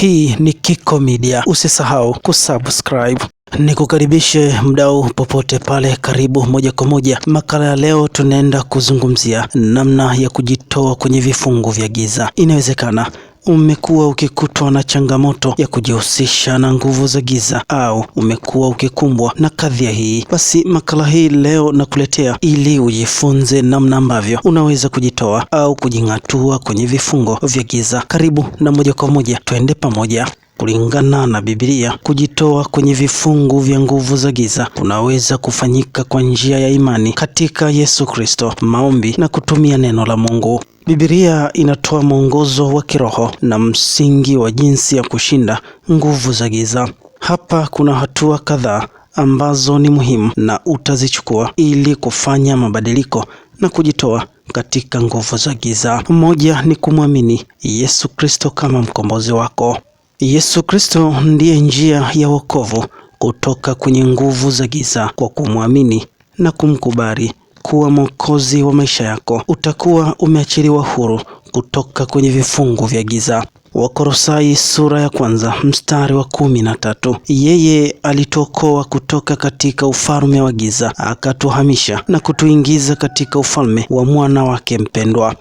Hii ni Kiko Media, usisahau kusubscribe. Ni kukaribishe mdau popote pale, karibu moja kwa moja. Makala ya leo tunaenda kuzungumzia namna ya kujitoa kwenye vifungu vya giza. Inawezekana umekuwa ukikutwa na changamoto ya kujihusisha na nguvu za giza au umekuwa ukikumbwa na kadhia hii, basi makala hii leo nakuletea ili ujifunze namna ambavyo unaweza kujitoa au kujing'atua kwenye vifungo vya giza. Karibu na moja kwa moja tuende pamoja. Kulingana na Biblia, kujitoa kwenye vifungu vya nguvu za giza kunaweza kufanyika kwa njia ya imani katika Yesu Kristo, maombi na kutumia neno la Mungu. Biblia inatoa mwongozo wa kiroho na msingi wa jinsi ya kushinda nguvu za giza. Hapa kuna hatua kadhaa ambazo ni muhimu na utazichukua ili kufanya mabadiliko na kujitoa katika nguvu za giza. Moja ni kumwamini Yesu Kristo kama mkombozi wako. Yesu Kristo ndiye njia ya wokovu kutoka kwenye nguvu za giza. Kwa kumwamini na kumkubali kuwa Mwokozi wa maisha yako, utakuwa umeachiliwa huru kutoka kwenye vifungu vya giza. Wakorosai sura ya kwanza mstari wa kumi na tatu. Yeye alituokoa kutoka katika ufalme wa giza akatuhamisha na kutuingiza katika ufalme wa mwana wake mpendwa.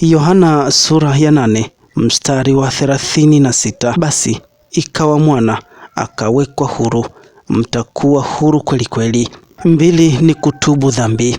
Yohana sura ya nane mstari wa thelathini na sita basi ikawa mwana akawekwa huru, mtakuwa huru kweli kweli. Mbili ni kutubu dhambi.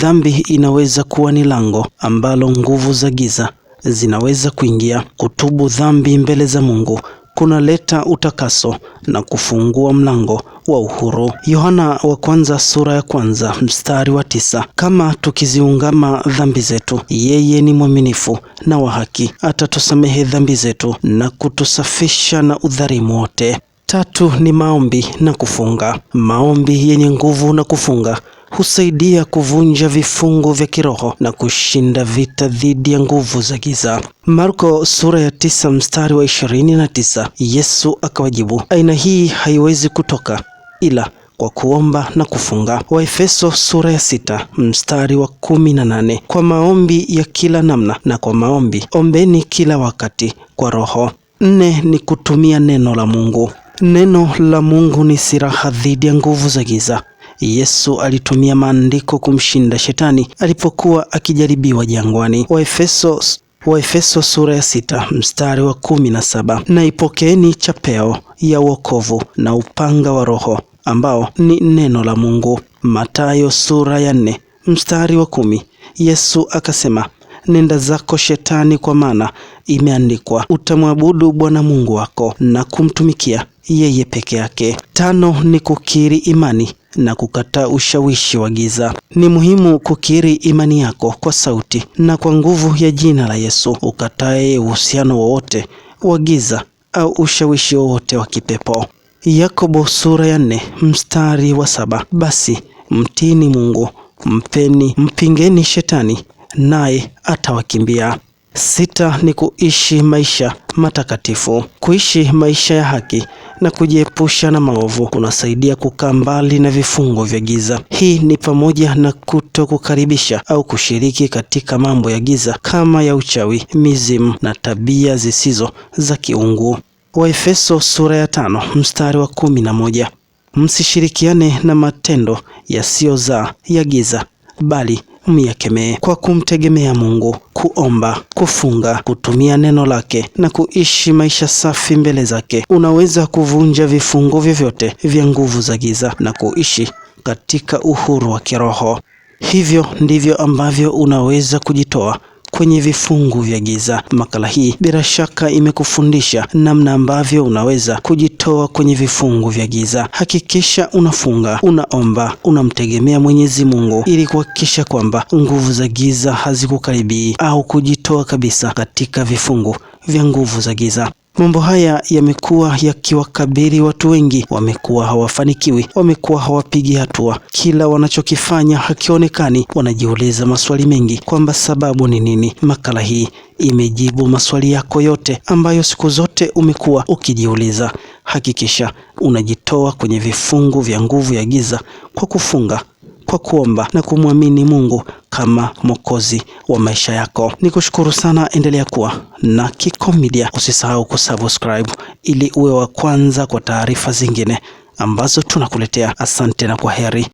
Dhambi inaweza kuwa ni lango ambalo nguvu za giza zinaweza kuingia. Kutubu dhambi mbele za Mungu kunaleta utakaso na kufungua mlango wa uhuru. Yohana wa kwanza sura ya kwanza mstari wa tisa. Kama tukiziungama dhambi zetu, yeye ni mwaminifu na wa haki, atatusamehe dhambi zetu na kutusafisha na udhalimu wote. Tatu ni maombi na kufunga. Maombi yenye nguvu na kufunga husaidia kuvunja vifungo vya kiroho na kushinda vita dhidi ya nguvu za giza. Marko sura ya tisa mstari wa ishirini na tisa. Yesu akawajibu, aina hii haiwezi kutoka ila kwa kuomba na kufunga. Waefeso sura ya sita mstari wa kumi na nane. Kwa maombi ya kila namna na kwa maombi ombeni kila wakati kwa Roho. Nne ni kutumia neno la Mungu. Neno la Mungu ni silaha dhidi ya nguvu za giza. Yesu alitumia maandiko kumshinda shetani alipokuwa akijaribiwa jangwani. Waefeso Waefeso sura ya sita mstari wa kumi na saba. Na ipokeeni chapeo ya wokovu na upanga wa Roho ambao ni neno la Mungu. Matayo sura ya nne mstari wa kumi. Yesu akasema, nenda zako Shetani, kwa maana imeandikwa, utamwabudu Bwana Mungu wako na kumtumikia yeye peke yake. Tano ni kukiri imani na kukataa ushawishi wa giza. Ni muhimu kukiri imani yako kwa sauti na kwa nguvu ya jina la Yesu. Ukatae uhusiano wowote wa giza au ushawishi wowote wa kipepo. Yakobo sura ya nne mstari wa saba basi mtini Mungu, mpeni mpingeni shetani naye atawakimbia. Sita ni kuishi maisha matakatifu. Kuishi maisha ya haki na kujiepusha na maovu kunasaidia kukaa mbali na vifungo vya giza. Hii ni pamoja na kuto kukaribisha au kushiriki katika mambo ya giza kama ya uchawi, mizimu na tabia zisizo za kiungu. Waefeso sura ya tano mstari wa kumi na moja. Msishirikiane na matendo yasiyozaa ya giza bali Myatemee kwa kumtegemea Mungu, kuomba, kufunga, kutumia neno lake na kuishi maisha safi mbele zake. Unaweza kuvunja vifungo vyovyote vya nguvu za giza na kuishi katika uhuru wa kiroho. Hivyo ndivyo ambavyo unaweza kujitoa kwenye vifungu vya giza. Makala hii bila shaka imekufundisha namna ambavyo unaweza kujitoa kwenye vifungu vya giza. Hakikisha unafunga, unaomba, unamtegemea Mwenyezi Mungu ili kuhakikisha kwamba nguvu za giza hazikukaribii au kujitoa kabisa katika vifungu vya nguvu za giza. Mambo haya yamekuwa yakiwakabili watu wengi, wamekuwa hawafanikiwi, wamekuwa hawapigi hatua, kila wanachokifanya hakionekani. Wanajiuliza maswali mengi kwamba sababu ni nini. Makala hii imejibu maswali yako yote ambayo siku zote umekuwa ukijiuliza. Hakikisha unajitoa kwenye vifungu vya nguvu ya giza kwa kufunga kwa kuomba na kumwamini Mungu kama mwokozi wa maisha yako. Nikushukuru sana, endelea kuwa na Kikoo Media. Usisahau kusubscribe ili uwe wa kwanza kwa taarifa zingine ambazo tunakuletea. Asante na kwa heri.